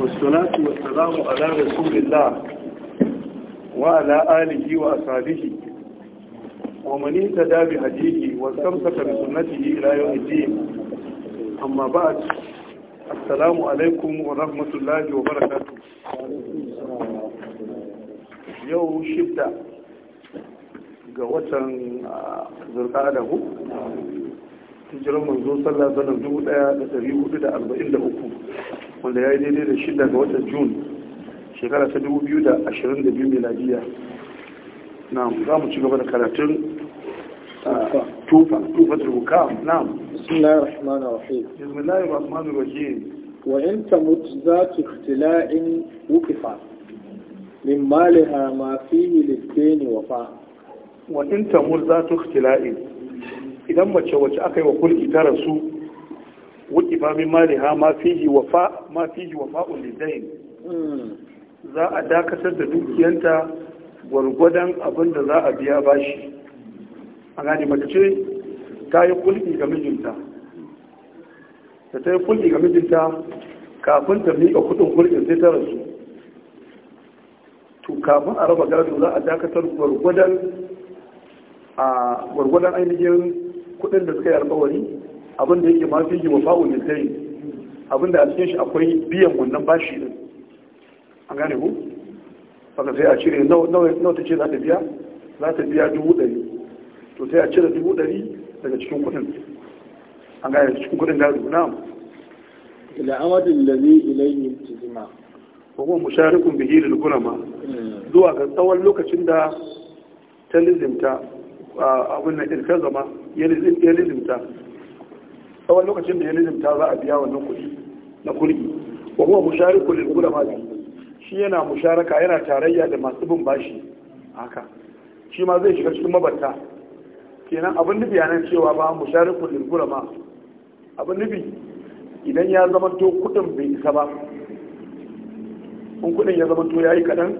والصلاة والسلام على رسول الله وعلى آله وأصحابه ومن اهتدى بهديه واستمسك بسنته إلى يوم الدين أما بعد السلام عليكم ورحمة الله وبركاته يوم شدة ga watan zurka da hu hijirar manzo sallah sallar 1443 wanda ya yi daidai da shida ga watan jun shekara ta 2022 meladiya na za mu ci gaba da karatun tufa tufa turbuka na bismillahir rahmanir rahim bismillahir rahmanir rahim wa in tamut zatu ikhtila'in wukifa min maliha ma fihi lid-dayn wafa wa in tamut zatu ikhtila'in idan mace wacce aka yi wa kulki tara su wukifa min maliha ma fihi wafa ma fihi wafa'ul lidain hmm. za a dakatar da dukiyanta gwargwadon abin da za a biya bashi a gani mace ce ta yi kulki ga mijinta da ta yi kulki ga mijinta kafin ta miƙa kudin kulkin sai ta rasu to kafin a raba gado za a dakatar gwargwadon a gwargwadon ainihin kudin da suka yi alkawari abin da yake mafi yi wa fa'ulin sai abinda a cikin shi akwai biyan wannan bashi din an gane ku haka sai a cire nawa ta ce za ta biya za ta biya dubu ɗari to sai a cire dubu ɗari daga cikin kuɗin an gane cikin kuɗin gado na ila amadin lazi ilayhi tijima ko kuma musharikun bihi lil gulama hmm. zuwa ga tsawon lokacin da ta lizimta abin na irkar zama ya lizimta tsawon lokacin da ya lizimta za a biya wannan kuɗi na kulki wa kuma mushariku lil ulama shi yana musharaka yana tarayya da masu bin bashi haka shi ma zai shiga cikin mabarta kenan abin nufi a nan cewa ba mushariku da ma abin nufi idan ya zama to kuɗin bai isa ba in kuɗin ya zama to yi kaɗan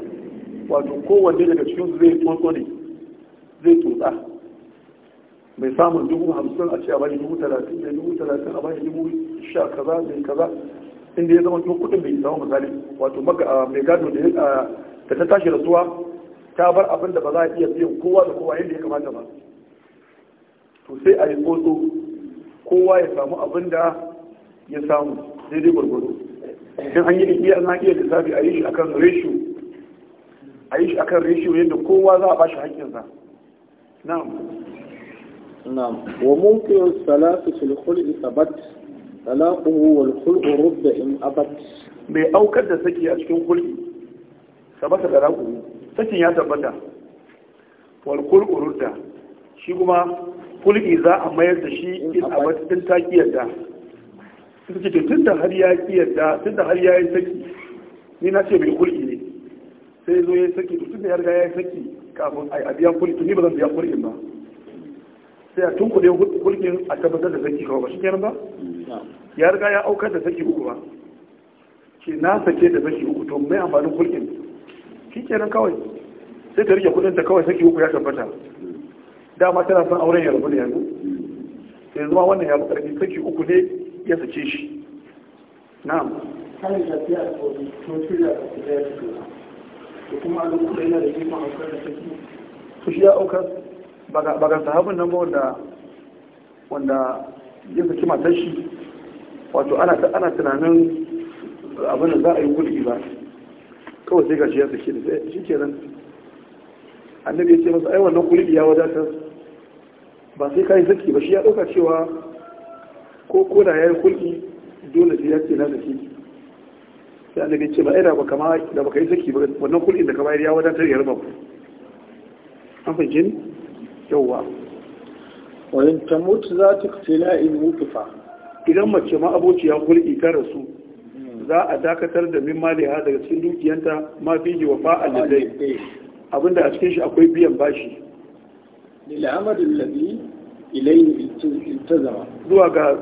wato kowanne daga cikin zai tsotso ne zai tsotsa mai samun dubu hamsin a ce a bashi dubu talatin da dubu talatin a bashi dubu sha kaza mai kaza inda ya zama kudin bai zama misali wato mai gado da ta tashi rasuwa ta bar abin da ba za a iya biyan kowa da kowa yadda ya kamata ba to sai a yi tsotso kowa ya samu abin da ya samu daidai gwargwado idan an yi iya na iya lissafi a yi shi akan ratio a yi shi akan ratio yadda kowa za a bashi haƙƙinsa na'am نعم وممكن الثلاث في الخلق ثبت طلاقه والخلق رد إن أبت mai aukar da saki a cikin kulki sabata da raku sakin ya tabbata wal kulqurudda shi kuma kulki za a mayar da shi in abat din ta kiyarda suke to tunda har ya kiyarda tunda har ya yi saki ni na ce mai kulki ne sai zo saki to tunda ya ya yi saki kafin a biya kulki ni ba zan biya kulkin ba sai a tunkuɗe hulkin a tabbatar da saki kawai ba shi kenan ba ya riga ya aukar da saki uku ba ke na sake da saki uku to mai amfanin hulkin shi kenan kawai sai ta rike kudin da kawai saki uku ya tabbata dama tana son auren ya rabu da yanzu sai zuma wannan ya bukarfi saki uku ne ya sace shi na'am halin da fiye da to shirya da kuma a lokacin da ya da kifin da saki to shi ya aukar ba ga sahabin nan ba wanda wanda ya saki matar shi wato ana tunanin abin da za a yi gudu ba kawai sai gashi ya saki da shi ke nan annabi ya ce masa ai wannan kulidi ya wadatar ba sai kayi saki ba shi ya ɗauka cewa ko koda ya yi kulki dole sai ya ce na saki sai annabi ya ce ba ai da baka yi saki ba wannan kulki da ka bayar ya wadatar ya raba ku an fahimci yauwa wani ta mutu za ta tila in mutufa idan mace ma abociya hulɗi ta rasu za a dakatar da min maliha daga cikin dukiyanta ma fi yi wa da zai abinda a cikin shi akwai biyan bashi lil'amarin lalli ilayin zama. zuwa ga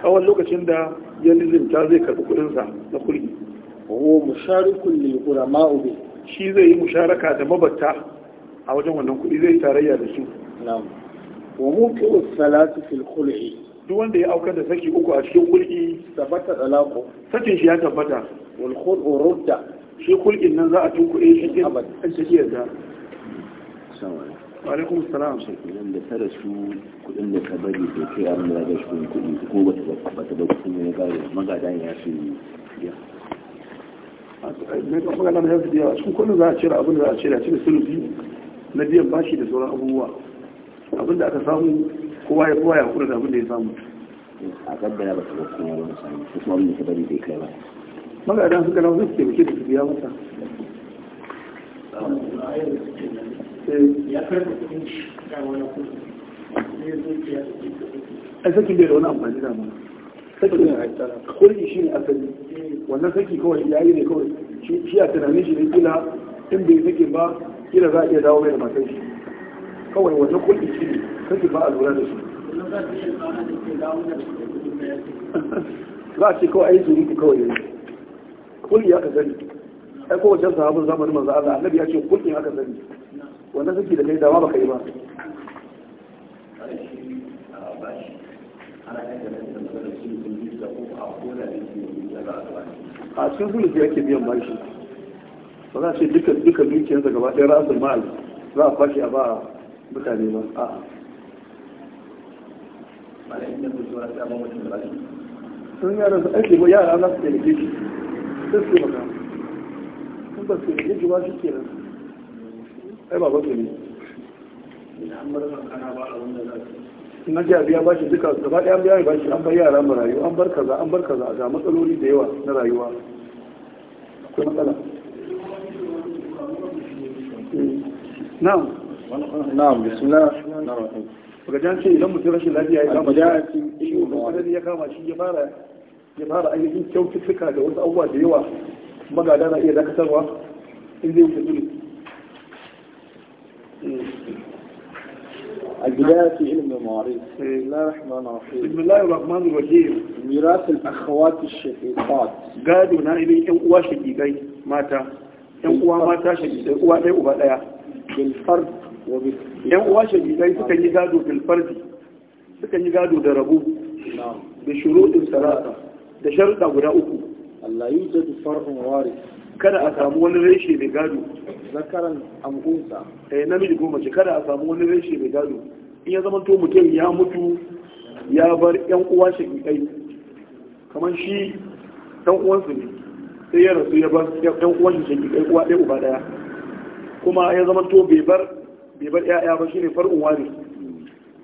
tsawon lokacin da ya lizinta zai karɓi kudinsa na kulki wa musharikun ne qurama ma'ube shi zai yi musharaka da mabatta a wajen wannan kuɗi zai tarayya da su na'am wa mukiru salatu fil khul'i duk wanda ya auka da saki uku a cikin kul'i tabbata talaqo sakin shi ya tabbata wal khul'u rudda shi kul'in nan za a tunkuɗe shi cikin abad sai alaikum salam Idan da ta rasu kudin da ta bari da ke an da shi kudi ko ba ta ba ta ba kudin ne ga magadan ya su ya ne ka fara nan da su biya za a cire abin da za a cire cire sulubi na biyan bashi da sauran abubuwa abinda aka samu kowa ya kowa ya kura da abinda ya samu a gaggara ba su ga kuma ba sami su kuma abinda ta bari bai kai ba magadan suka nan suke bike da su biya masa eh. ai sakin bai da wani amfani da mu sakin ne a kurji shi ne asali eh. wannan saki kawai ya yi ne kawai shi a tunanin shi ne kila in bai sake ba kila za a iya dawo mai da matan shi kawai wannan kulki shi ne kake ba a lura da shi za a ce kawai a yi zuri kawai ne kulki aka zari ai kowace sahabin zamanin manzo Allah annabi ya ce kulki aka zari wannan saki da kai dama baka yi ba a cikin ya ke biyan bashi ba za a ce duka dukiyarsa gaba ɗaya ra'asul ma'al za a fashi a ba mutane ba a sun yara su aiki ba yara za su taimake shi sun su maka sun ba su taimake shi ba shi ke nan ai ba ba su ne na ji biya ba shi duka gaba ɗaya biya ba shi an bar yara marayu an bar kaza an bar kaza ga matsaloli da yawa na rayuwa akwai matsala eh. na'am na'am bismillah na rahim baka jan ce idan mutum rashin lafiya ya kama shi wani ya kama shi ya fara ya fara ainihin kyaututtuka da wasu abubuwa da yawa magada na iya dakatarwa in zai wuce zuri البداية في علم المواريث بسم الله الرحمن الرحيم بسم الله الرحمن الرحيم ميراث الأخوات الشقيقات قالوا هنا إلي أقوى شقيقين ماتا أقوى ماتا شقيقين أقوى أقوى بالفرد yan uwa shahidai suka yi gado da fardi suka yi gado da rabu da shuruɗin sarata da sharuɗa guda uku Allah yi da farhun wari kada a samu wani reshe mai gado zakaran amunsa eh namiji ko mace kada a samu wani reshe mai gado in ya zama to mutum ya mutu ya bar yan uwa shahidai kamar shi dan uwansu ne sai ya rasu ya bar yan uwan shahidai uwa ɗaya uba ɗaya kuma ya zama to bai bar bai bar ya'ya ba shine far'un wari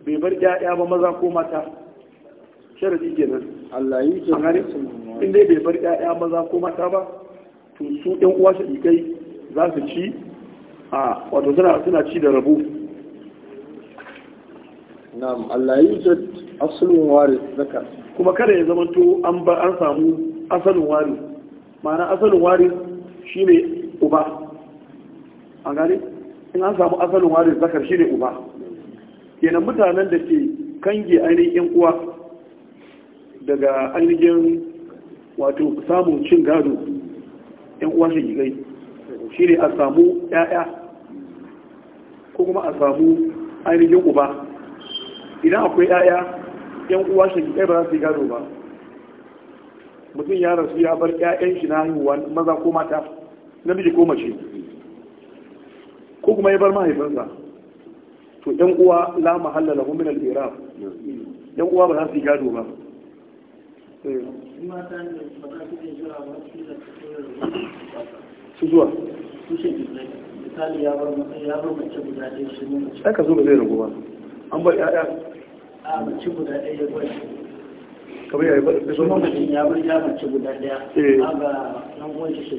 bai bar ya'ya ba maza ko mata sharadi kenan Allah yi ce gane in dai bai bar ya'ya maza ko mata ba to su ɗan uwa shi kai za su ci a wato suna suna ci da rabo na'am Allah yi ce asalin wari zakar kuma kada ya to an ba an samu asalin wari ma'ana asalin wari shine uba a gari in an samu asalin warin zakar shi ne uba kenan mutanen da ke kange ainihin uwa daga ainihin wato samun cin gado yan uwa shi gigai shi ne a samu ya'ya ko kuma a samu ainihin uba idan akwai ya'ya yan uwa shi gigai ba za su yi gado ba mutum ya rasu ya bar 'ya'yan shi na haihuwa maza ko mata namiji ko mace ko kuma ya bar mahaifinsa to yan uwa la mahalla lahu min al-irab yan uwa ba za su yi gado ba su zuwa ya ba zai ragu an bar ya'ya a mace guda ɗaya ya bar ya ya eh. mace guda ɗaya a ga nan shi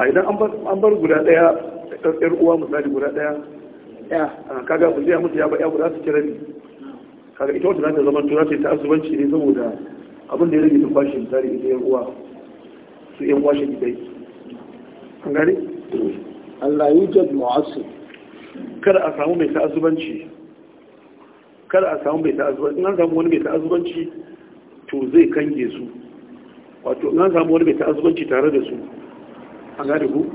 a idan an bar guda ɗaya ɗan uwa misali guda ɗaya ya kaga ba zai mutu ya ba ya guda su kira ne kaga ita wata zata zama tura ce ta azubanci ne saboda abin da ya rage sun bashi misali ita yan uwa su yan uwa shi dai an gane Allah yi jad mu'assir kada a samu mai ta'azubanci kada a samu mai ta'azubanci in an samu wani mai ta'azubanci to zai kange su wato in an samu wani mai ta'azubanci tare da su an gane ku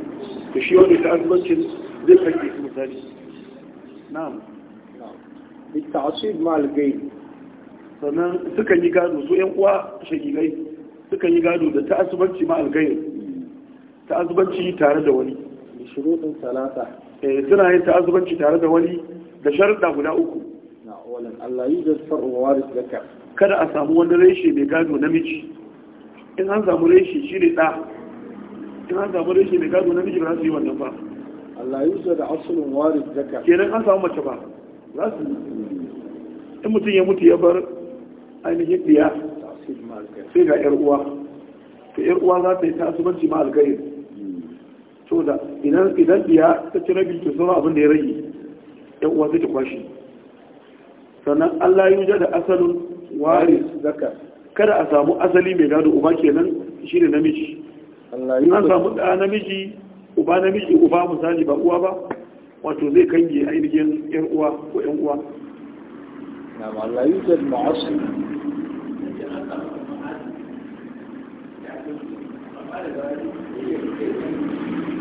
da shi wanda ta azubancin zai fage su misali na'am التعصيب مع الجيل sannan sukan yi gado su yan uwa shagigai sukan yi gado da ta'asubanci ma algayar ta'asubanci tare da wani shurutun salata eh suna yin ta'asubanci tare da wani da sharuɗa guda uku na awalan Allah yi da sarwa waris zakar kada a samu wani reshe mai gado namiji in an samu reshe shi ne ɗa in an samu reshe mai gado namiji ba za su yi wannan ba Allah yusa da asulun waris zaka kenan an samu mace ba za su in mutum ya mutu ya bar ainihin diya sai ga yar uwa ta yar uwa za ta yi tasubanci ma alkhairi to da idan idan diya ta ci rabi ta sauran abin da ya rage 'yar uwa zai ta kwashi sannan Allah yusa da asalin waris zaka kada a samu asali mai gado uba kenan shi ne namiji in an samu ɗa namiji uba namiji uba misali ba uwa ba wato zai kange ainihin yan uwa ko yan uwa na malayu da ma'asu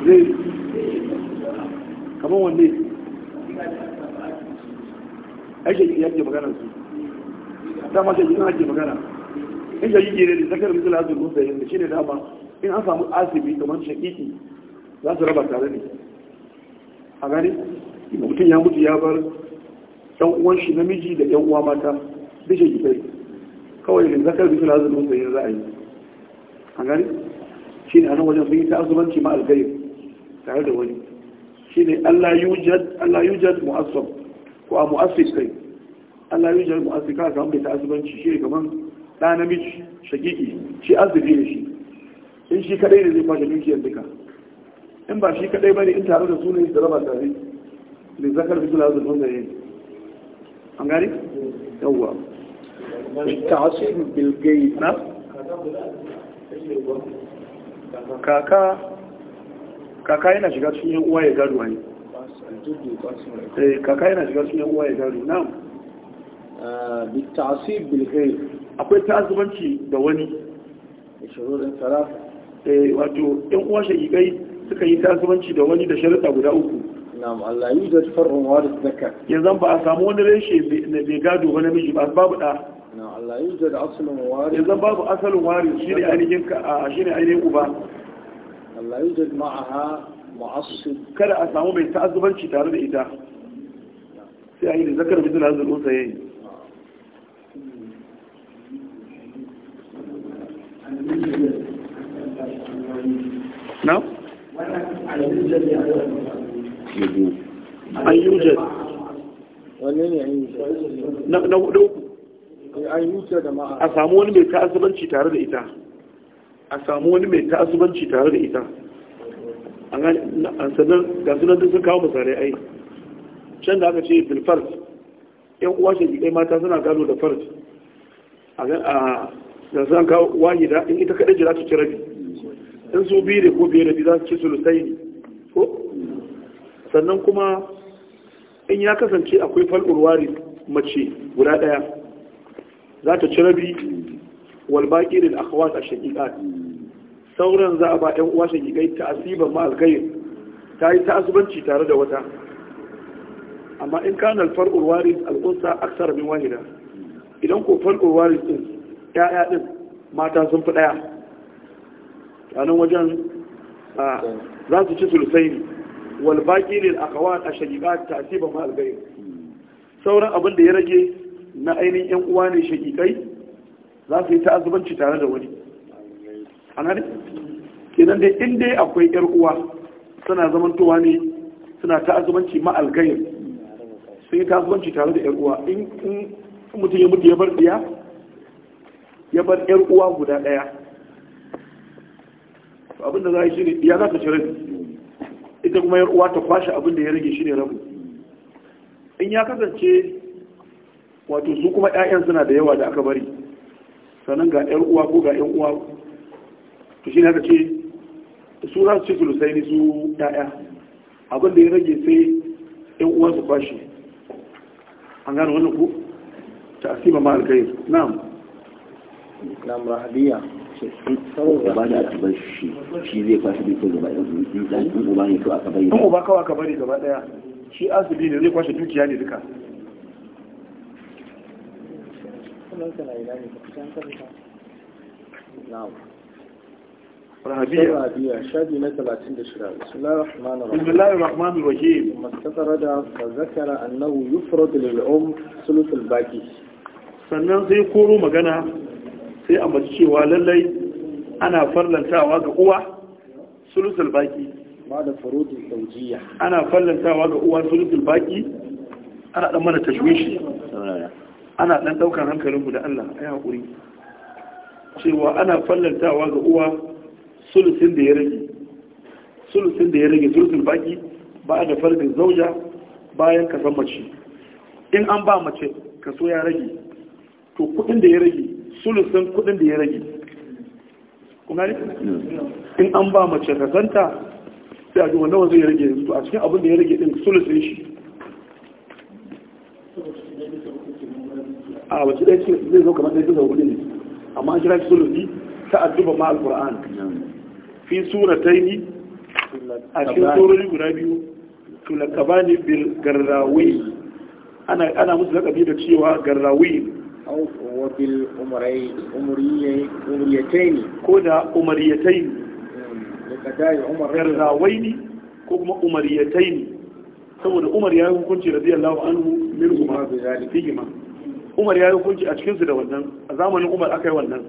zai kamar wanne ake yi yake magana su dama ke yi ake magana in yi gire da zakar mutu lazu musayin da shi ne dama in an samu asibi kamar shakiki za su raba tare ne a gani mutum ya mutu ya bar ɗan shi namiji da ɗan uwa mata duk shi gifai kawai da zakar bisu na azumin sayin ra'ayi a gani shi ne a nan wajen sun yi ta azumanci ma algayin tare da wani shi ne allah yujad mu'assam ko a mu'assis kai allah yujad mu'assis kawai kamar bai ta azumanci shi ne kamar ɗa namiji shakiki shi azubi ne shi in shi kadai ne zai kwashe dukiyar duka in ba shi kadai ne in tare da su ne da raba tare ne zakar bi kula da wanda ne an gani yawwa ta'asir bil gayb na kaka kaka yana shiga cikin yan uwa ya gado ne eh kaka yana shiga cikin yan uwa ya gado na eh, bi ta'asir akwai ta'azubanci da wani da sharuɗin Eh, wato ɗan uwa shahidai suka yi kasuwanci da wani da sharuɗa guda uku na'am Allah yi da far'un wa da zakka yanzu ba a samu wani reshe na bai gado wani miji ba babu da na'am Allah yi da asalin wari yanzu babu asalin wari shine ainihin ka shine ainihin uba Allah yi da ma'aha mu'assib kada a samu mai ta'azzubanci tare da ita sai a yi da zakar bisu na zurun saye Thank you. na? Eh, a samu wani mai ta'asubanci tare da ita a samu wani mai ta'asubanci tare da ita an sanar ga sunan duk sun kawo da aka ce uwa mata suna gano da a in ita kaɗai ci in su biyu da ko biyu da za su ci sulusai ne ko sannan kuma in ya kasance akwai fal'urwari mace guda ɗaya za ta ci rabi walbaki da akwai a shakika sauran za a ba 'yan uwa shaƙiƙai ta asiban ma ta yi ta asibanci tare da wata amma in kan alfar urwaris al'unsa aksar min wahida idan ko fal urwaris din ɗin mata sun fi ɗaya kanin wajen za su ci sulusaini walbaki ne a kawar a shagiƙa ta ba ma'algayi sauran abin da ya rage na ainihin yan uwa ne shagiƙai za su yi ta'azubanci tare da wani an hari kenan dai in dai akwai yar uwa suna zamantowa ne suna ta'azubanci ma'algayar sun yi ta'azubanci tare da yar uwa in mutum ya mutu ya bar ɗaya ya bar yar uwa guda ɗaya to abinda za a yi shi ne ya za ta ci rabi ita kuma yar uwa ta kwashe abin da ya rage shi ne rabu in ya kasance wato su kuma 'ya'yan suna da yawa da aka bari sannan ga yar uwa ko ga yan uwa to shi ne aka ce su za su ci sulusai ne su 'ya'ya abin da ya rage sai yan uwa su kwashe an gano wannan ku ta asima ma alkhair na'am نعم رهبية ولكن يجب ان يكون هناك اشياء اخرى في المسجد الاسلام sai a mace cewa lallai ana fallantawa ga uwa sulusul baki da farodin daujiya ana fallantawa ga uwa sulusul baki ana dan mana tashwishi ana dan daukar hankalinmu da Allah ai hakuri cewa ana fallantawa ga uwa sulusin da ya rage sulusin da ya rage sulusul baki ba da farkin zauja bayan kasan mace in an ba mace kaso ya rage to kudin da ya rage sulusun kudin da ya rage kuma ne in an ba mace kasanta sai a ji nawa zai rage yanzu a cikin abin da ya rage din sulusun shi a wace ɗaya ce zai zo kamar ɗaya bisa hudu ne amma an kira shi sulusi ta adduba ma Al-ƙur'an. fi surataini a cikin surori guda biyu ne bil garrawi ana musu lakabi da cewa garrawi wabil umariyatai ko da umariyatai garzawai ne ko kuma umariyatai ne saboda umar ya yi hukunci radiyallahu anhu min umar fihima umar ya yi hukunci a cikinsu da wannan a zamanin umar aka yi wannan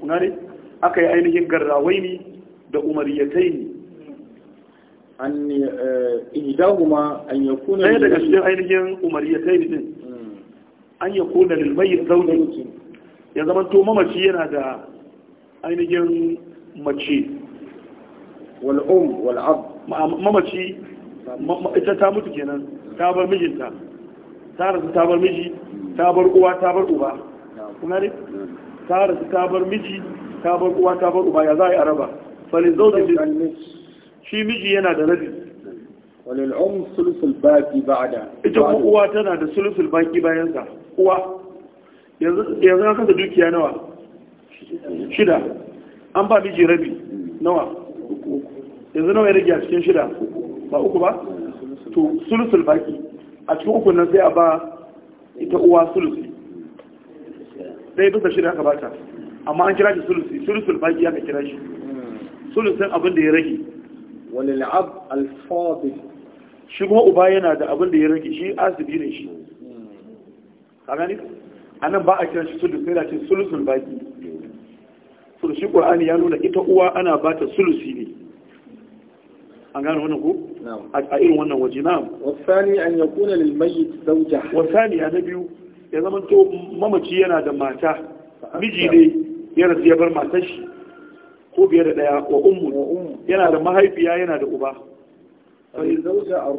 kuna ne aka yi ainihin garzawai ne da umariyatai ne an ihdahuma an yakuna ɗaya daga cikin ainihin umariyatai ne an yi kona lilmayi zaune ya zama to mamaci yana da ainihin mace wal'um wal'ab mamaci ita ta mutu kenan ta bar mijinta ta rasu ta bar miji ta bar uwa ta bar uba ne ta rasu ta bar miji ta bar uwa ta bar uba ya za a yi araba falin zaune shi miji yana da rabi sulusul um, baki ba'ada ita uwa tana da sulusul baki bayansa uwa yanzu na kasa dukiya nawa shida an ba miji rabi nawa yanzu nawa ya rage a cikin shida ba uku ba to sulusul baki a cikin uku nan sai a ba ita uwa sulusi ɗaya bisa shida aka bata amma an kira shi sulusi sulusul baki aka kira shi sulusin abin da ya rage Wani la'ab alfabi shi kuma uba yana da abin da ya rage shi asibi ne shi a nan ba a kiran shi sulus sai da ce sulusul baki to shi qur'ani ya nuna ita uwa ana ba ta sulusi ne an gane wannan ko a irin wannan waje na wasani an yakuna lil mayyit zawja wasani ya biyu ya zama to mamaci yana da mata miji ne ya rasu ya bar matar shi ko biyar da daya wa ummu yana da mahaifiya yana da uba zawja ar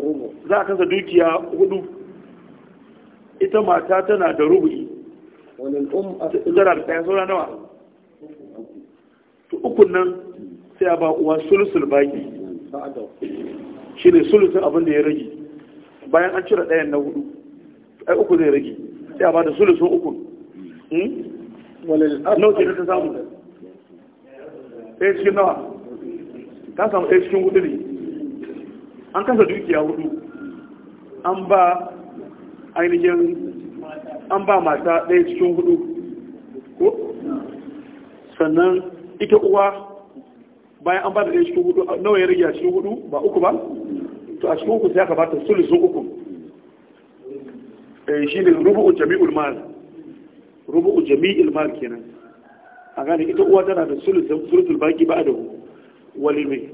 za ka kansa dukiya hudu ita mata tana da rubu'i tana da kayan saura nawa to ukun nan sai a ba uwa sulusul baki shi ne sulusun abin da ya rage bayan an cire ɗayan na hudu ai uku zai rage sai a ba da sulusun ukun hmm? nau ce ta samu ɗaya cikin nawa ta samu ɗaya cikin hudu ne an kasa dukiya hudu an ba ainihin an ba mata ɗaya cikin hudu ko sannan ita uwa bayan an ba da ɗaya cikin hudu nawa ya rigya cikin hudu ba uku ba to a cikin uku sai aka bata sulusun uku eh, shi ne rubu'u jami'ul mal rubu'u jami'il mal kenan a gani ita uwa tana da sulusun sulusul baki ba da walil mai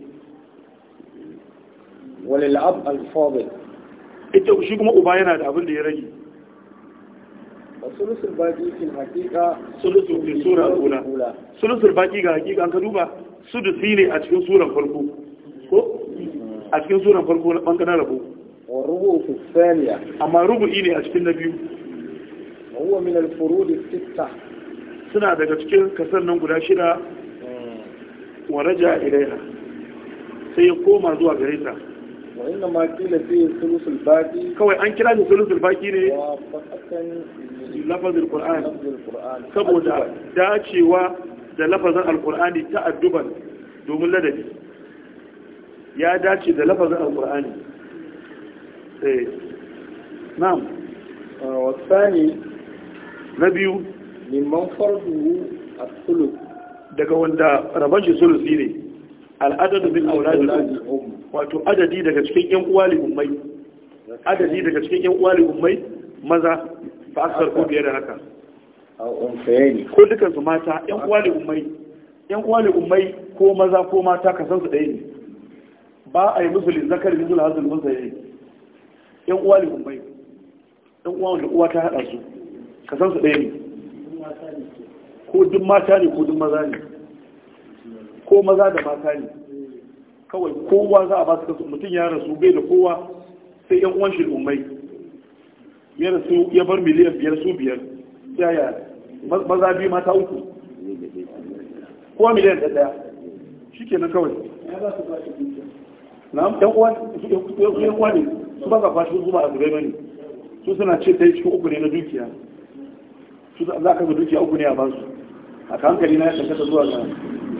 walil ab al fadil ita shi kuma uba yana da abin da ya rage sulusul baki baki ga hakika an ka duba sudusi ne a cikin suran farko ko a cikin suran farko na bangaren rabo wa rubu fi amma rubu'i ne a cikin na biyu huwa min al-furud suna daga cikin kasar nan guda shida hmm. wa raja ilaiha sai ya koma zuwa gare ta ma kila fi sulusul kawai an kira da sulusul baqi ne lafazin qur'an saboda dacewa da lafazin alqur'ani ta'adduban domin ladabi ya dace da lafazin alqur'ani eh na'am ah, wa tsani na biyu mimman fardu as-sulus daga wanda rabashi sulusi ne al'adadu min auladul um wato adadi daga cikin yan uwa ummai adadi daga cikin yan uwa ummai maza fa aksar ko biyar da haka ko dukkan su mata yan uwa ummai yan uwa ummai ko maza ko mata ka san su dai ne ba a yi musu lizzakar min zuwa hazin musa yayi yan uwa ummai yan uwa wanda uwa ta haɗa su ka san su dai ne ko duk mata ne ko duk maza ne ko maza da mata ne kawai kowa za a ba su kasu mutum ya rasu bai da kowa sai yan uwan shi umai ya rasu ya bar miliyan biyar su biyar yaya maza biyu mata uku kowa miliyan ɗaya shi ke nan kawai Na yan uwa yan ne su ba ka fashi su ba a zubai mani su suna ce ta yi cikin uku ne na dukiya su za ka ga dukiya uku ne a basu a hankali na ya tabbata zuwa ga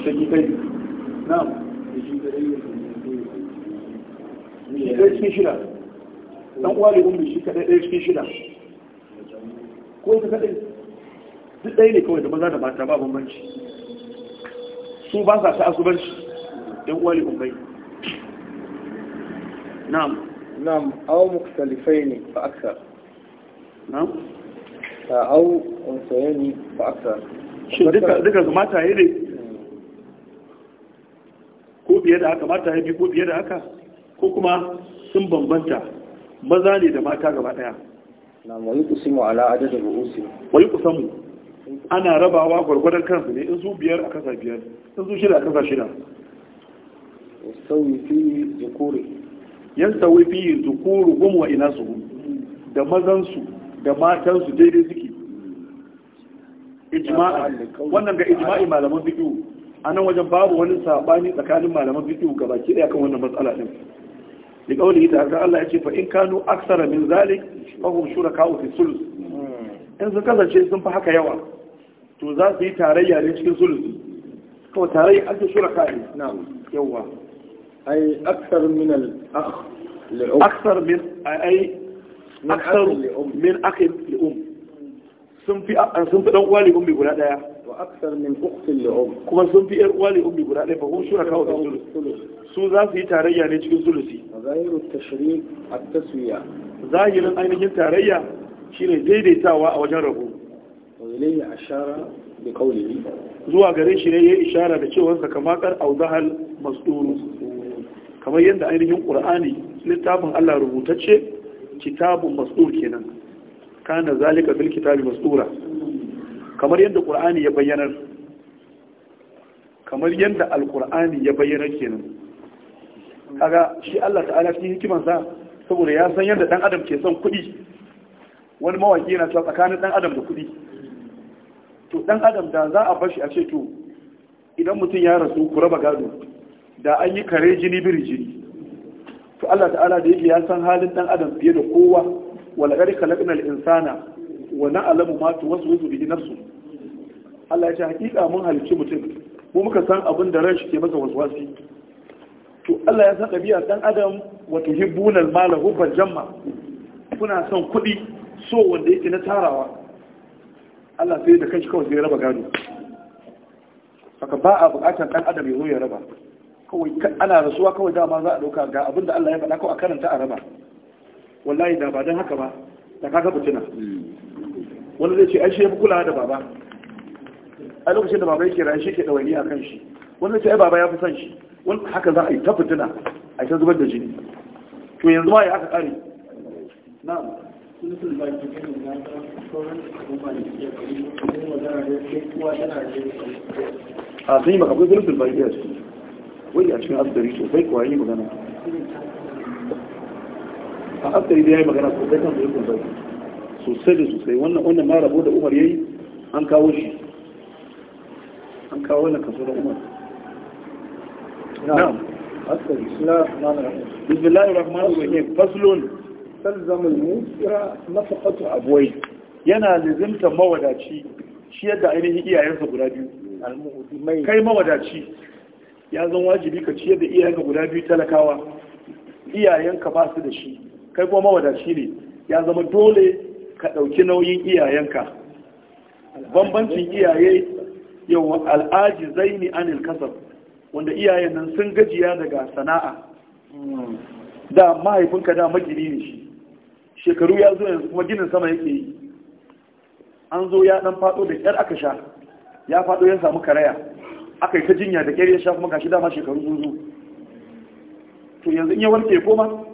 shakikai na'am ɗaya cikin shida dan uwa da shi kaɗai ɗaya cikin shida ko ita kaɗai duk ɗaya ne kawai da maza da mata ba bambanci su ba sa ta asubanci ɗan uwa da ummi na'am na'am aw mukhtalifai ne fa aksar na'am ta aw unsayani fa aksar shi duka duka su mata ne hmm. ko biye da haka mata biyu ko biye da haka ko kuma sun bambanta maza ne da mata gaba daya na wayi ala ru'usi wayi ana rabawa gwargwadon kansu ne in su biyar a kasa biyar in su shida a kasa shida Yan fi zukuri yastawi fi zukuru hum wa inasuhum da mazan su da matan su daidai suke ijma'a wannan ga ijma'i malaman A anan wajen babu wani sabani tsakanin malaman fiqh gabaki daya kan wannan matsala din da kawai da ga Allah ya ce fa in kanu aksara min zalik fa hum shuraka fi sulus in sun kasance sun fi haka yawa to za su yi tarayya ne cikin sulus kawai tarayya an ce shuraka ne na'am yawa ai aksar min al akh aksar min ai aksar min akh li um sun fi sun fi dan uwa li ummi guda daya akthar min ukhti li um kuma sun bi yar wali ummi guda dai ba hu shura kawo da sulu su za su yi tarayya ne cikin sulusi. su taswiya zahirin ainihin tarayya shine daidaitawa a wajen rabu wa ilayhi ashara bi qawlihi zuwa gare shi ne ya yi kamar yadda ainihin Kur'ani, littafin Allah rubutacce kitabun masu ɗorke nan zalika bil kitabun masu kamar yadda qur'ani ya bayyanar kamar yadda ya bayyanar kenan kaga shi Allah ta'ala cikin hikimansa saboda ya san yadda dan adam ke son kuɗi wani mawaki yana cewa tsakanin dan adam da kuɗi to dan adam da za a bashi a ce to idan mutum ya rasu ku raba gado da an yi kare jini biri jini to Allah ta'ala da yake ya san halin ɗan adam fiye da kowa wala gari insana wa na'lamu ma wasu bihi nafsu Allah ya ce hakika mun halicci mutum mu muka san abin da ran shi ke masa waswasi to Allah ya san dabi'a dan adam wa tuhibbuna al-mala hubban jamma kuna son kuɗi so wanda yake na tarawa Allah sai da kanshi kawai zai raba gado haka ba a bukatar dan adam ya zo ya raba kawai ana rasuwa kawai dama za a ɗauka ga abin da Allah ya faɗa kawai a karanta a raba wallahi da ba don haka ba da kaga fitina hmm. wani zai ce ai shi ya fi kulawa da baba a lokacin da baba yake rayu shi ke ɗawaini a kan shi wani zai ce ai baba ya fi son shi wani haka za a yi ta fitina a ta zubar da jini to yanzu ma ya aka ƙare a sun yi maka akwai zurfin su, wai a cikin asibiri sosai kuwa yi magana a asibiri da ya yi magana sosai kan zurfin bariyar sosai da sosai wannan wannan ma rabo da umar yayi an kawo shi an kawo wannan kaso da umar na'am bismillahir rahmanir rahim faslun talzamu al-musira nafaqatu abway yana lazimta mawadaci shi yadda ainihin iyayensa guda biyu kai mawadaci ya zan wajibi ka ciyar da iyayenka guda biyu talakawa iyayenka ba su da shi kai kuma mawadaci ne ya zama dole ka ɗauki nauyin iyayenka bambancin iyaye wa al'aji zaini anil kasar wanda iyayen nan sun gajiya daga sana'a da mahaifinka da magiri ne shi shekaru ya zo yanzu kuma ginin sama yake yi an zo ya dan fado da kyar aka sha ya fado ya samu karaya aka yi ta jinya da kyar ya sha kuma gashi dama shekaru zuzu to yanzu in ya warke koma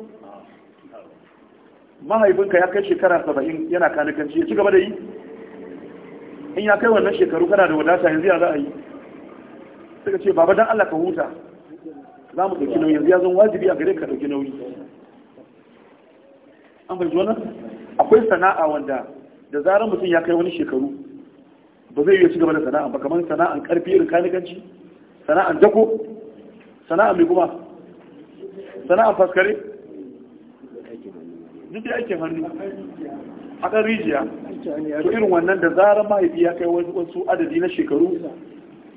mahaifinka ya kai shekara saba'in yana kanikanci ya ci gaba da yi in ya kai wannan shekaru kana da wadata yanzu ya za a yi suka ce baba don allah ka huta za mu ɗauki nauyi yanzu ya zan wajibi a gare ka ɗauki nauyi an bai zuwa akwai sana'a wanda da zarar mutum ya kai wani shekaru ba zai yi ci gaba da sana'a ba kamar sana'an karfi irin kanikanci sana'an dako sana'a mai kuma sana'an faskare duk aikin hannu haɗar rijiya to irin wannan da zarar mahaifi ya kai wasu adadi na shekaru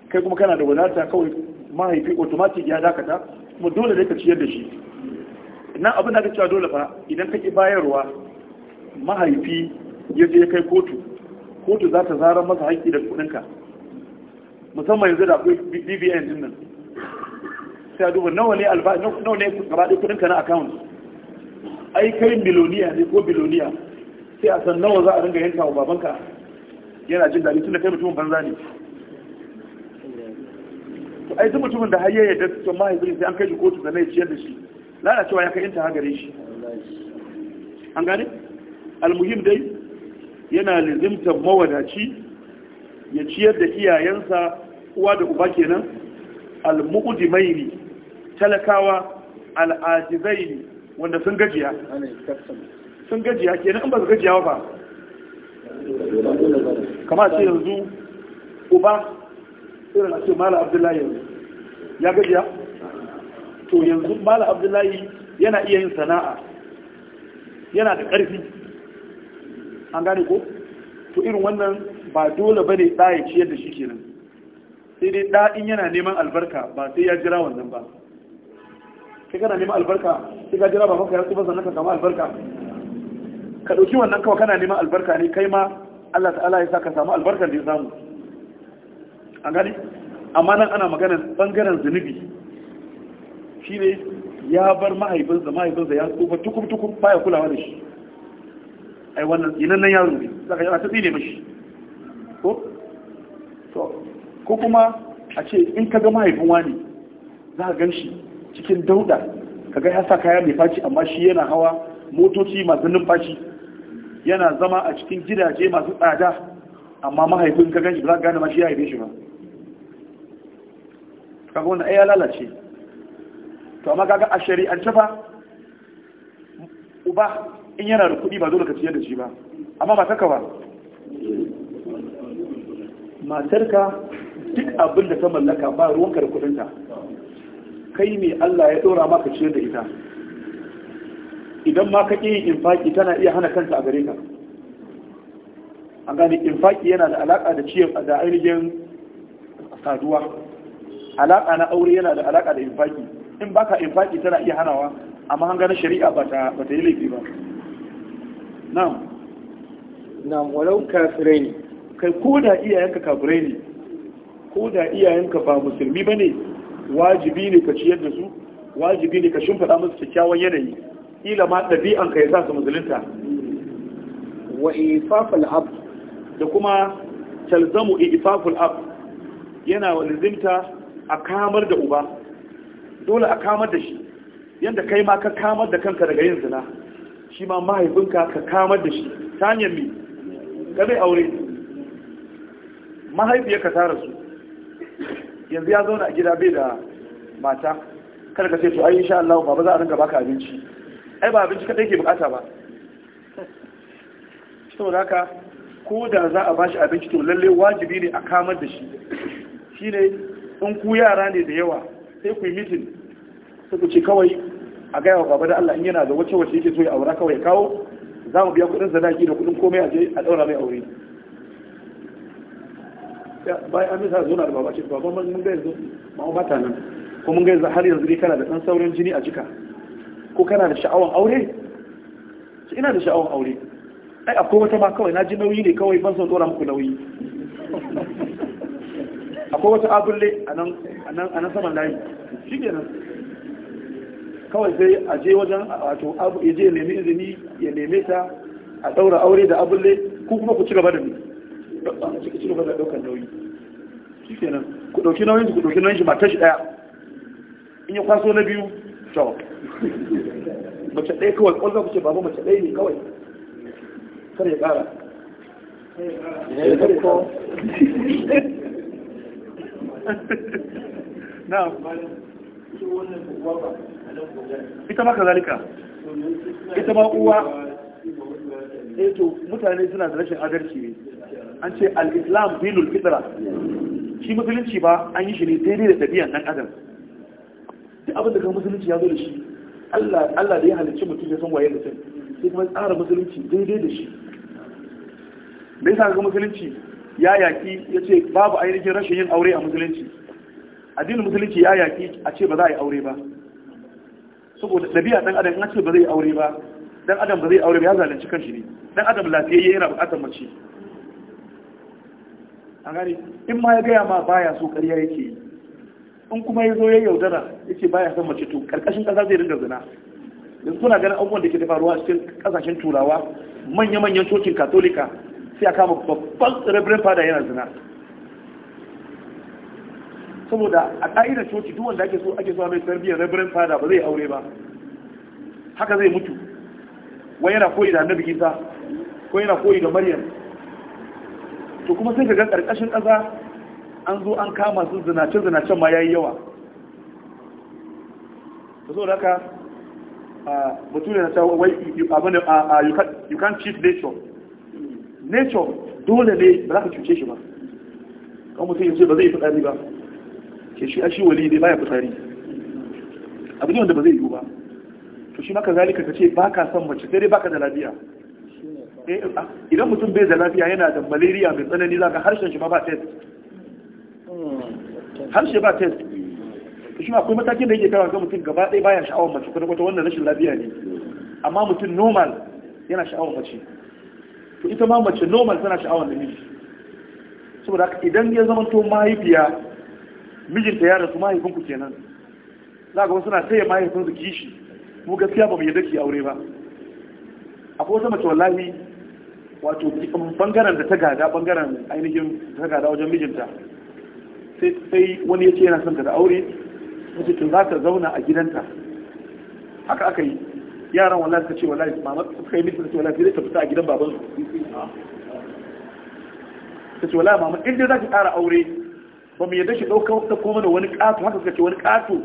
kai kuma kana da wadata kawai mahaifi automatic ya dakata kuma dole ne ka ciyar da shi nan abin da cewa dole fa idan kake bayarwa mahaifi ya je kai kotu kotu za ta zarar masa haƙƙi da kuɗinka musamman yanzu da akwai bbn din nan sai a duba nawa ne albashi nawa ne gaba kuɗinka na account ai kai miloniya ne ko biloniya sai a san nawa za a ringa yanka wa babanka yana jin daɗi tun kai mutumin banza ne to ai duk mutumin da har ya yarda to mahaifin sai an kai shi kotu da nai ciyar da shi lalacewa ya kai inta ha gare shi an gane almuhim dai yana lizimtar mawadaci ya ciyar da iyayensa uwa da uba kenan almu'udimaini talakawa al'ajizaini wanda sun gajiya sun gajiya kenan nan ba su gajiya ba kama ce yanzu uba irin ce mala abdullahi yanzu ya gajiya to yanzu mala abdullahi yana iya yin sana'a yana da ƙarfi an gane ko to irin wannan ba dole ba ne ɗaya ciyar da shi kenan sai dai ɗa'in yana neman albarka ba sai ya jira wannan ba kai kana neman albarka sai ka jira babanka ya tsufa sannan ka samu albarka ka ɗauki wannan kawai kana neman albarka ne kai ma Allah ta'ala ya sa ka samu albarkar da ya samu an gani amma nan ana magana bangaren zunubi shi ne ya bar mahaifinsa mahaifinsa ya tsufa tukum tukum baya kulawa da shi ai wannan inan nan yaro ne zaka yana ta tsine mashi ko to ko kuma a ce in ka ga mahaifin wani za ka gan shi cikin dauda kaga ya sa kaya mai faci amma shi yana hawa motoci masu numfashi yana zama a cikin gidaje masu tsada amma mahaifin ka ganshi ba za gane ma shi ya haife shi ba kaga wannan ai ya lalace to amma kaga a shari'ance fa uba in yana da kuɗi ba dole ka ciyar da shi ba amma ba taka ba matarka duk abin da ta mallaka ba ruwanka da kuɗinta kai ne Allah ya ɗora maka ciyar da ita idan ma ka ƙi yin infaki tana iya hana kanta a gare ka an gane infaki yana da alaƙa da ciyar da ainihin saduwa alaƙa na aure yana da alaƙa da infaki in baka infaki tana iya hanawa amma an gane shari'a ba ta yi laifi ba na'am na'am walau kafirai ne kai ko da iyayenka kafirai ne ko da iyayenka ba musulmi ba ne wajibi ne ka ciyar da su wajibi ne ka shimfiɗa musu kyakkyawan yanayi ila ma ɗabi'an ka ya sa su musulunta wa ifaful ab da kuma talzamu ifaful ab yana lazimta a kamar da uba dole a kamar da shi yanda kai ma ka kamar da kanka daga yin zina shi ma mahaifinka ka kamar da shi ta hanyar mi ka bai aure mahaifiyar ka tara su yanzu ya zauna a gida bai da mata kada ka ce to ai insha Allah ba za a dinga baka abinci ai ba abinci kadai ke bukata ba da haka ko da za a bashi abinci to lalle wajibi ne a kamar da shi shine in ku yara ne da yawa sai ku yi meeting sai ku ce kawai a gaya wa baba da Allah in yana da wace wace yake so ya aura kawai kawo za mu biya kudin zanaki da kudin komai a je a daura mai aure bayan an nisa zuna da baba ce baba mun ga yanzu ma'u bata nan ko mun ga yanzu har yanzu dai kana da ɗan sauran jini a jika ko kana da sha'awan aure shi ina da sha'awan aure ai akwai wata ma kawai na ji nauyi ne kawai ban son tsora muku nauyi akwai wata abulle a nan saman layi shi ke nan kawai sai a je wajen wato abu ya je ya nemi izini ya neme ta a ɗaura aure da abulle ko kuma ku ci gaba da ni ci gaba da ɗaukar nauyi shikenan ku dauki nauyin ku dauki nauyin shi matar tashi daya in ya kwaso na biyu to mace ɗaya kawai ƙwallon ku ce babu mace ɗaya ne kawai kar ya ƙara na ita ma kazalika ita ma uwa eto eh mutane suna da rashin adalci ne an ce al-islam dinul fitra shi musulunci ba an yi shi ne daidai da ɗabi'an nan adam duk abin da kan musulunci ya zo da shi Allah da ya halicci mutum ya san waye mutum sai kuma tsara musulunci daidai da shi me yasa ga musulunci ya yaki ya ce babu ainihin rashin yin aure a musulunci addinin musulunci ya yaki a ce ba za a yi aure ba saboda ɗabi'a ɗan adam in ce ba zai aure ba ɗan adam ba zai aure ba ya zalunci shi ne ɗan adam lafiyayye yana buƙatar mace a gari in ma ya gaya ma baya so karya yake yi in kuma ya zo ya yaudara ya ce baya son mace to karkashin kasa zai dinga zina da suna ganin abubuwan da ke faruwa a cikin ƙasashen turawa manya-manyan cocin katolika sai a kama babban tsibirin fada yana zina saboda a ƙa'idar coci duk wanda ake so ake so mai tarbiyyar reverend fada ba zai aure ba haka zai mutu wani yana koyi da annabi isa ko yana koyi da maryam to kuma sai ka ga ƙarƙashin ƙasa an zo an kama su zinace-zinacen ma ya yi yawa to so da a mutune na tawo wai you can cheat nature nature dole ne ba za ka cuce shi ba kan mutum yanzu ba zai yi fitsari ba ke shi a shi wali ne ba ya fitsari abin yi wanda ba zai yi ba to shi maka zalika ka ce ba ka son mace sai dai ba ka da lafiya Eh, idan mutum bai da lafiya yana da malaria mai tsanani za ka harshen shi ba ba test harshe ba test shi akwai matakin da yake kawo ga mutum gaba ɗaya bayan sha'awar mace kuma wata wannan rashin lafiya ne amma mutum normal yana sha'awar mace to ita ma mace normal tana sha'awar da miji. saboda haka idan ya zama to mahaifiya mijinta ya rasu mahaifinku kenan za ga wasu na taya mahaifinsu kishi mu gaskiya ba mu yadda ki aure ba akwai wata mace wallahi wato bangaren da ta gada bangaren ainihin ta gada wajen mijinta sai wani ya ce yana son ta da aure wace tun za ta zauna a gidanta haka aka yi yaran wallahi suka ce wallahi mama suka yi miki wallahi sai ta fita a gidan baban su ta ce wallahi mama in dai za ki ƙara aure ba mu yadda shi ɗauka ta koma da wani ƙato haka suka ce wani ƙato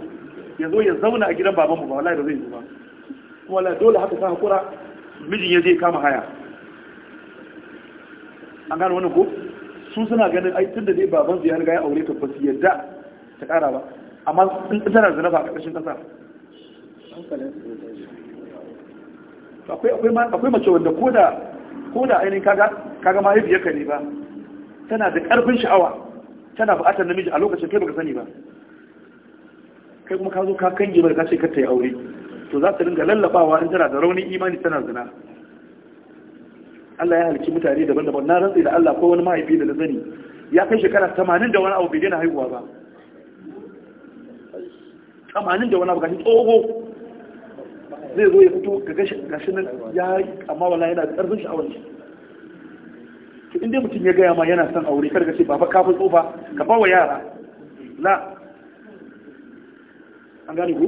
ya zo ya zauna a gidan mu ba wallahi ba zai zuba kuma wallahi dole haka ta hakura mijin ya je kama haya an gano wannan ko su suna ganin ai tun da dai baban su ya riga ya aure ta ba su yadda ta kara ba amma in tana zina ba a ƙarƙashin ƙasa akwai mace wanda ko da ainihin kaga mahaifiyarka ne ba tana da ƙarfin sha'awa tana buƙatar namiji a lokacin kai baka sani ba kai kuma ka zo ka kange ba ka ce ka ta yi aure to za ta ringa lallabawa in tana da raunin imani tana zina Allah ya halicci mutane daban-daban na rantsi da Allah ko wani mahaifi da na ya kai shekara 80 da wani abu bai daina haihuwa ba 80 da wani abu gashi tsoho zai zo ya fito ga gashi nan ya yi amma wala yana da karfin sha'awar shi to inda mutum ya gaya ma yana son aure kar ka ce baba kafin tsofa ka ba wa yara la an gane ku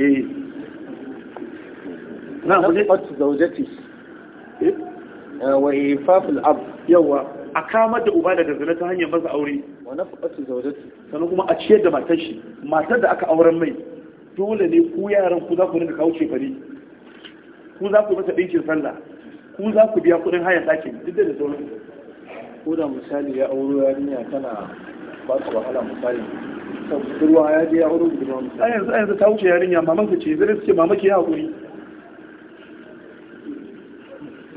eh na ku ne zaujati eh Eh, wa abu. ab yawa a kamar da uba daga zina ta hanyar masa aure wa nafaqatu zawjati sannan kuma a ciyar da matar shi matar da aka auren mai dole ne ku yaran ku za ku rinka kawo shekari ku za ku masa ɗinkin sallah ku za ku biya kuɗin hayan ɗakin duk da sauran ko da misali ya auro yarinya tana ba su wahala misali ruwa ya je ya auro gudunma misali a yanzu ta wuce yarinya mamanka ce zai suke mamaki ya haƙuri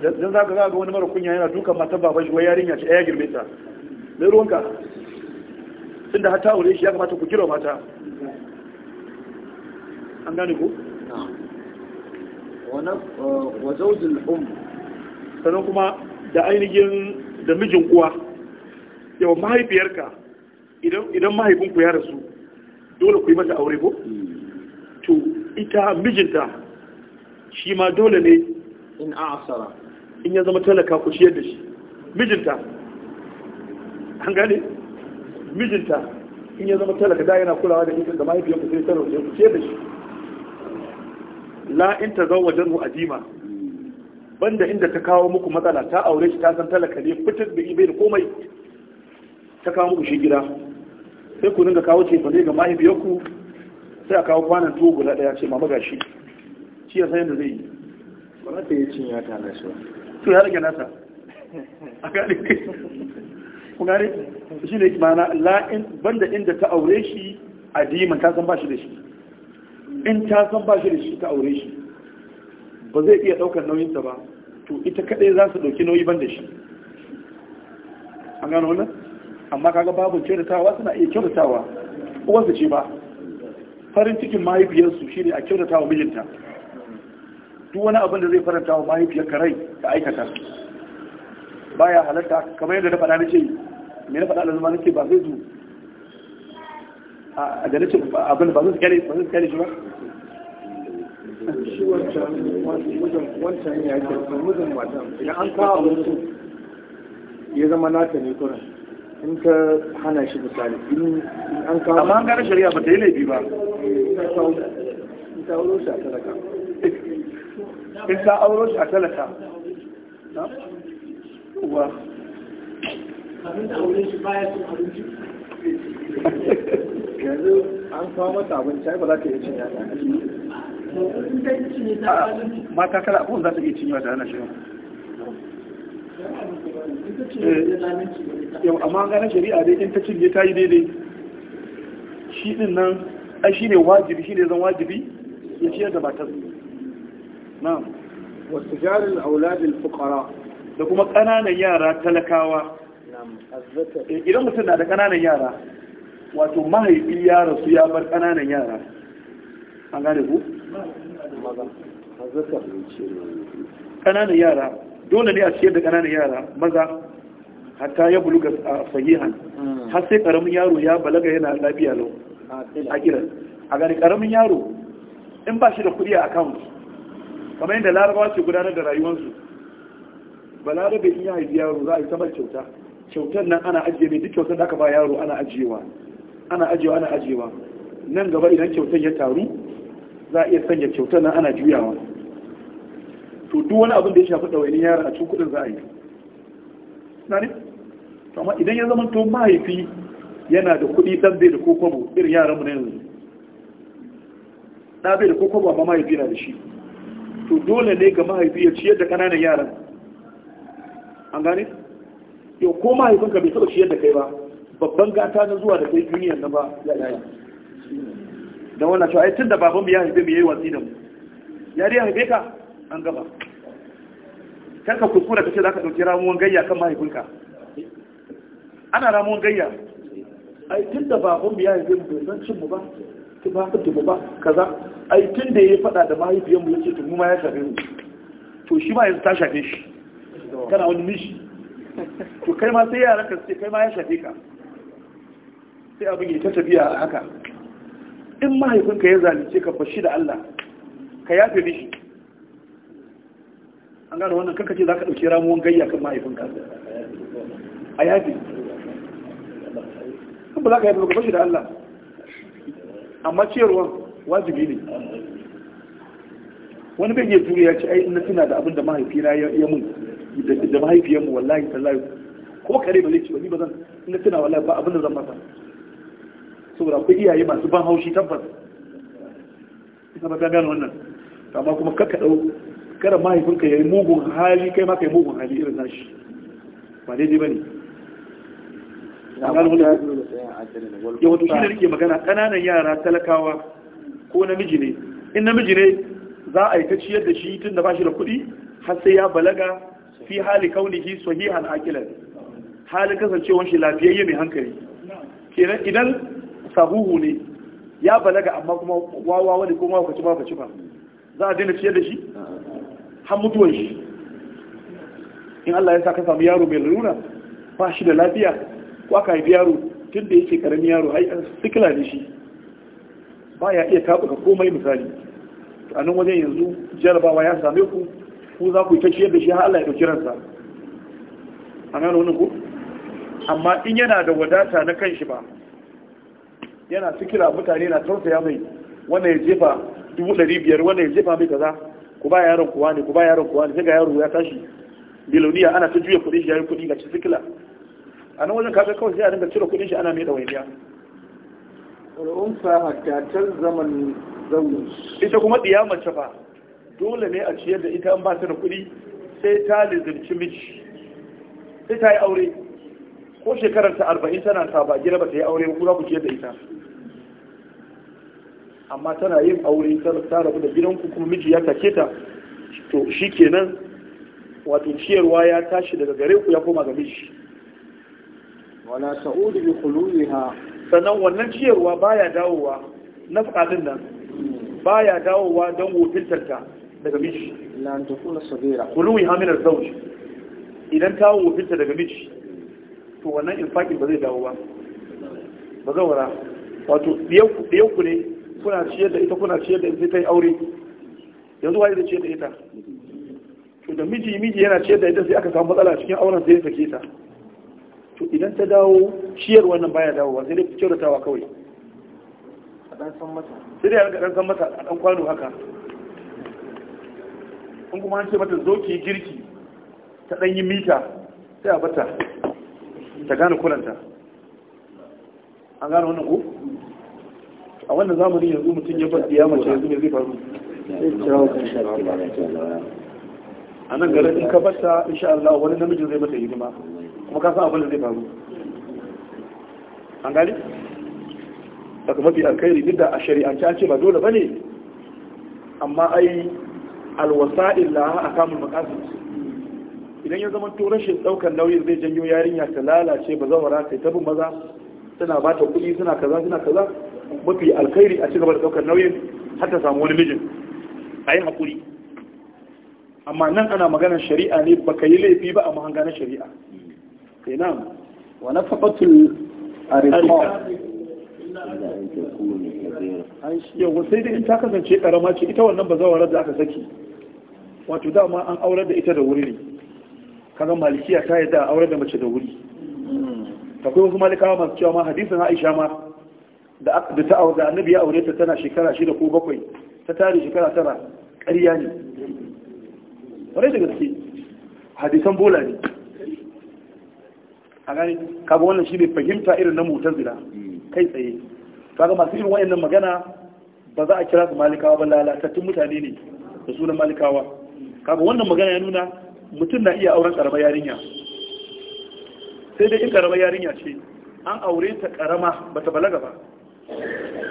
dan za ka za ga wani mara kunya yana dukan matan baban shi wai yarinya ce ya girme ta mai ruwanka inda da hata aure shi ya kamata ku kira mata an gane ku wa zaujin um sannan kuma da ainihin da mijin kuwa yawa mahaifiyarka idan mahaifinku ya rasu dole ku yi mata aure ko hmm. to ita mijinta shi ma dole ne in a asara in ya zama talaka ku ciyar da shi mijinta an gane mijinta in ya zama talaka da yana kulawa da ita da mahaifiyar ku sai ta roƙe ku ciyar da shi la in mu adima banda inda ta kawo muku matsala ta aure shi ta san talaka ne fitar da ibe da komai ta kawo muku shi gida sai ku dinga kawo cefa ne ga mahaifiyarku sai a kawo kwanan tuwo guda daya ce mama gashi ciyar ya yadda zai yi ba za ta yi cin ya tana to ya rage nasa a gane ku gane shi ne mana la'in banda inda ta aure shi a diman ta san ba shi da shi in ta san ba shi da shi ta aure shi ba zai iya ɗaukar nauyinsa ba to ita kadai za su ɗauki nauyi ban da shi an gano wannan amma kaga babu kyautatawa suna iya kyautatawa uwansu ce ba farin cikin mahaifiyarsu shi ne a kyautatawa mijinta duk wani abin da zai faranta wa mahaifiyar karai ka aikata ba ya halarta kamar yadda na faɗa na ce mai na faɗa da zama nake ba zai zu a da nace abin ba zai su kyale ba zai su kyale shi ba shi wancan wancan ya ke mijin matan idan an kawo mutum ya zama nata ne kuna in ka hana shi misali in an kawo amma an gane shari'a ba ta yi laifi ba ta eh, wuro shi a in ta auro shi a talata wa? da aure shi sun abinci yanzu an kawo mata abinci ba za ta iya cin yada mata kala abin za ta iya cin da ana shi eh, yau amma ganin shari'a dai in ta cinye ta yi daidai shi din nan ai shi ne wajibi shi ne zan wajibi ya ciyar da matar نعم والتجار الأولاد الفقراء لكم da kuma ƙananan yara talakawa eh, idan mutum na da ƙananan yara wato mahaifi ya bar ƙananan yara an gane ku? ƙananan yara dole ne a da hatta ya buluga sahihan hmm. har sai ƙaramin yaro ya balaga yana lafiya lau a a gani ƙaramin yaro in ba shi da kuɗi a account kamar yadda larabawa ke gudanar da rayuwarsu balarabe in ya haifi yaro za a yi samar kyauta kyautar nan ana ajiye mai duk kyautar da aka ba yaro ana ajiyewa ana ajiyewa ana ajiyewa nan gaba idan kyautar ya taru za a iya sanya kyautar nan ana juyawa to duk wani abin da ya shafi ɗawainin yara a cikin kuɗin za a yi tunani amma idan ya zama to mahaifi yana da kuɗi dan bai da kokobo irin yaran mu na yanzu ɗa bai da kokobo amma mahaifi na da shi to dole ne ga mahaifi ya ciyar da kananan yaran an gane yau ko mahaifinka bai taɓa ciyar da kai ba babban gata na zuwa da kai duniyan na ba ya yaya don wannan cewa tun da babanmu ya haife mu yayi watsi da mu ya dai haife ka an gaba kar ka kuskura ta ce za ka ɗauki ramuwan gayya kan mahaifinka ana ramuwan gayya ai tun da babanmu ya haife mu bai san cin mu ba ki ba ka tumu ba kaza ai tun da ya fada da mahaifiyar mu yace tumu ma ya shafe mu to shi ma yanzu ta shafe shi kana wani mishi to kai ma sai yaran ka sai kai ma ya shafe ka sai abin ya ta tafiya haka in mahaifinka ya zalice ka fashi da Allah ka yafe mishi an gano wannan kanka ce za ka ɗauki ramuwan gayya kan mahaifinka a yafe ba za ka yafe ba ka fashi da Allah amma ciyarwan wajibi ne wani bai iya ya ce ai ina tuna da abin da mahaifina ya mun da mahaifiyarmu wallahi tallahi ko kare ba zai ci ba ni ba zan ina tuna wallahi ba abin da zan masa saboda akwai iyaye masu ban haushi tabbas ina ba gane wannan amma kuma kakka dau kada mahaifinka ya yi mugun hali kai ma ka yi mugun hali irin nashi ba daidai ba ne ya wato shi magana ƙananan yara talakawa ko namiji ne in namiji ne za a yi ta ciyar da shi tun da ba shi da kuɗi har sai ya balaga fi hali kaunihi sahihan akilan hali kasancewar shi lafiyayye mai hankali kenan idan sahuhu ne ya balaga amma kuma wawa wani ko ma kwaci ba kwaci ba za a daina ciyar da shi har mutuwan shi in Allah ya sa ka samu yaro mai lalura ba shi da lafiya ko aka haifi yaro tun da yake karamin yaro ai sikila ne shi ba ya iya tabuka komai misali a nan wajen yanzu jarabawa ya same ku ku za ku yi ta ciyar da shi har Allah ya ɗauki ransa a nan wani ku amma in yana da wadata na kan shi ba yana sikila mutane na tausaya mai wannan ya jefa dubu ɗari biyar wannan ya jefa mai kaza ku ba yaron kuwa ne ku ba yaron kuwa ne sai ga yaro ya tashi biloniya ana ta juya kuɗi shi ya yi kuɗi ga ci sikila a nan wajen kaga kawai sai a dinga cire kudin shi ana mai ɗawainiya sa hatta zaman zauni ita kuma mace ba dole ne a ciyar da ita an ba ta da kuɗi sai ta lizirci miji sai ta yi aure ko shekarar ta arba'in tana ta ba gida ba ta yi aure ko za ku ciyar da ita amma tana yin aure ta rabu da gidanku kuma miji ya take ta to shi kenan wato ciyarwa ya tashi daga gare ku ya koma ga miji wala sa'udu bi khuluha sannan wannan ciyarwa baya dawowa na fadin nan baya dawowa don wofintar ta daga miji la an takuna sabira khululiha min az-zawj idan ta wofinta daga miji to wannan infaqin ba zai dawo ba ba zawara wato biyan ku ne kuna ciyar da ita kuna ciyar da ita ta yi aure yanzu wai da ciyar da ita to da miji miji yana ciyar da ita sai aka samu matsala cikin auren sai ya sake ta to idan ta dawo shiyar wannan baya dawowa sai da kyautatawa kawai sai dai ga dan san mata a dan kwano haka in kuma an ce mata zo ki girki ta dan yi mita sai a bata ta gane kulanta an gane wannan ko a wannan zamanin yanzu mutum ya bar kiyama mace yanzu ne zai faru a nan garin in ka bata insha Allah wani namijin zai mata hidima kuma ka san abin da zai faru an gani daga mafi alkhairi duk da a shari'ance an ce ba dole ba ne amma ai alwasa'il la a kamun makasin idan ya zama to rashin daukar nauyin zai janyo yarinya ta lalace ba zawara kai tabin maza suna ba ta kuɗi suna kaza suna kaza mafi alkhairi a cigaba da daukar nauyin har ta samu wani mijin a yi haƙuri amma nan ana maganar shari'a ne baka yi laifi ba a mahanga na shari'a sai eh, na wa na faɓatul arika sai dai in ta kasance karama ce ita wannan bazawarar da aka saki wato dama an aurar da ita da wuri ne kaga malikiya ta yi da aurar da mace da wuri kuma kuma malikawa masu cewa ma hadisin aisha ma da ta da annabi ya aure ta tana shekara shida ko bakwai ta tare shekara tara ƙarya ne kwarai da gaske hadisan bola ne a gani kaga wannan shi ne fahimta irin na motar zira kai tsaye ga masu irin wayannan magana ba za a kira su malikawa ba lalatattun mutane ne da sunan malikawa kaga wannan magana ya nuna mutum na iya auren karamar yarinya sai dai in karamar yarinya ce an aure ta karama ba ta balaga ba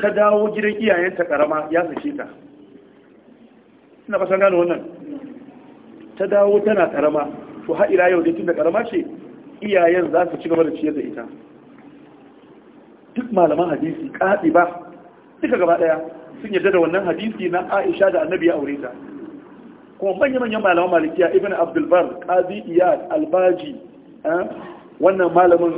ta dawo gidan iyayenta karama ya sace ta ina san gane wannan ta dawo tana karama to ha ila yau da karama ce iyayen za su ci gaba da ciyar da ita duk malaman hadisi kaɗi ba duka gaba ɗaya sun yarda da wannan hadisi na aisha da annabi ya aure ta kuma manya-manyan malaman malikiya ibn abdulbar ƙazi iyad albaji eh, wannan malamin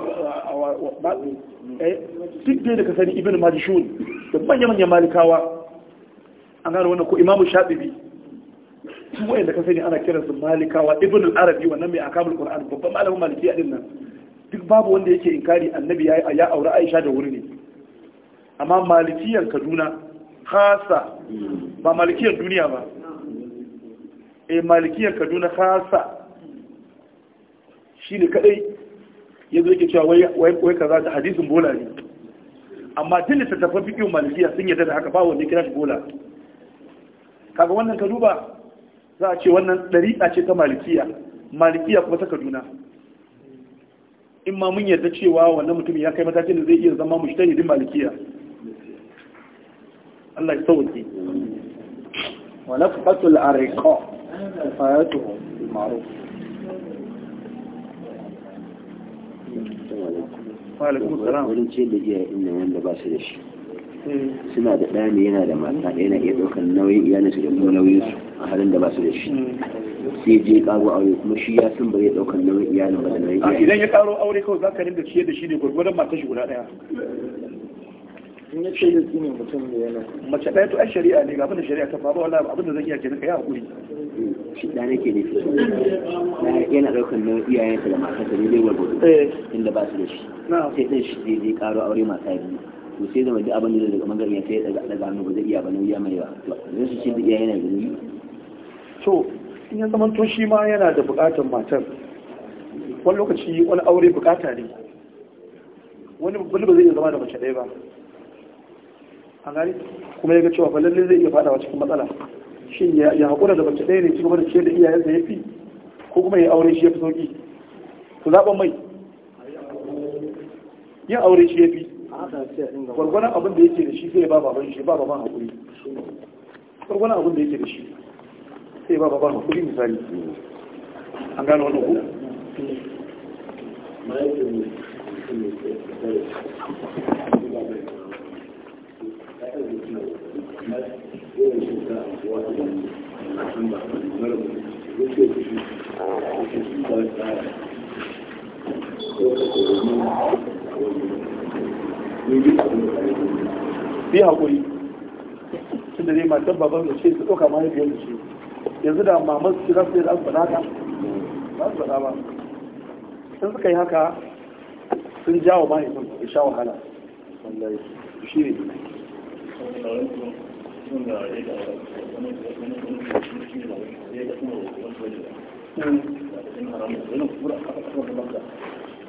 eh, eh, duk dai da ka sani ibn majishun da manya-manyan malikawa an gano wannan ko imamu shafi'i duk wayanda ka sani ana kiransu malikawa ibn al-arabi wannan mai akamul qur'an babban malamin malikiya din nan duk babu wanda yake inkari annabi ya ya aure aisha da wuri ne amma malikiyan kaduna khasa ba malikiyan duniya ba eh malikiyan kaduna khasa shine kadai yanzu yake cewa wai wai kaza da hadisin bola ne amma duk littattafan fiqh malikiya sun yarda da haka ba wanda kira shi bola kaga wannan ka duba za a ce wannan ɗariƙa ce ta malikiya malikiya kuma ta kaduna in ma mun yarda cewa wannan mutum ya kai matakin da zai iya zama mushtahidin malikiya Allah ya sauke wa nafqatul ariqa kifayatuhu bil ma'ruf wa alaikum ce da iya inda wanda ba su da shi eh. suna da ɗani yana da mata yana iya ɗaukar nauyin iyalinsu da kuma nauyinsu a halin da ba su da shi sai je karo aure kuma shi ya san ba zai daukar nauyin iyalin ba da nauyin iyalin idan ya karo aure kawai za ka rinda ciye da shi ne gwargwadon matar shi guda daya in ya ce da su ne mutum da yana mace ɗaya to ai shari'a ne ga abin da shari'a ta faru wala abin da zan iya kenan ka yi hakuri shi da nake ne yana ɗaukar nauyin iyayensa da matarsa ne zai gwargwado eh. inda ba su da shi sai ɗin shi zai je karo aure mata biyu to sai zama duk abin da daga bangaren ya sai daga hannu ba zai iya ba nauyi mai yawa to zai su ce duk iyayen da nauyi to in ya zama shi ma yana da bukatar matar wani lokaci wani aure bukata ne wani ba zai iya zama da mace ɗaya ba a gani kuma ya ga cewa ba lallai zai iya fadawa cikin matsala shi ya haƙura da mace ɗaya ne cikin wani ciyar da iyayensa ya fi ko kuma ya aure shi ya fi sauƙi ku zaɓa mai yin aure shi ya fi gwargwanon abin da yake da shi zai ba baban shi ba baban haƙuri gwargwanon abin da yake da shi se ba a hakuri misali an gano ku bi hakuri tunda dai matan baban da ce su ɗauka mahaifiyar da ce yanzu da mamar su za su yi faɗa haka ba su faɗa ba sun suka yi haka sun jawo mahaifin ya sha wahala wallahi shi ne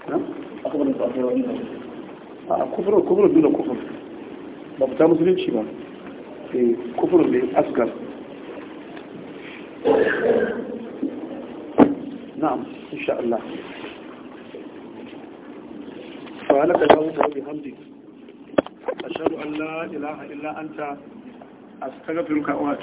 hmm. a ah, kufurin kufurin duna ba musulunci ba eh, kufurin da asgar na'am insha Allah fa alaka lahu wa bihamdi ashhadu an la ilaha illa anta astaghfiruka wa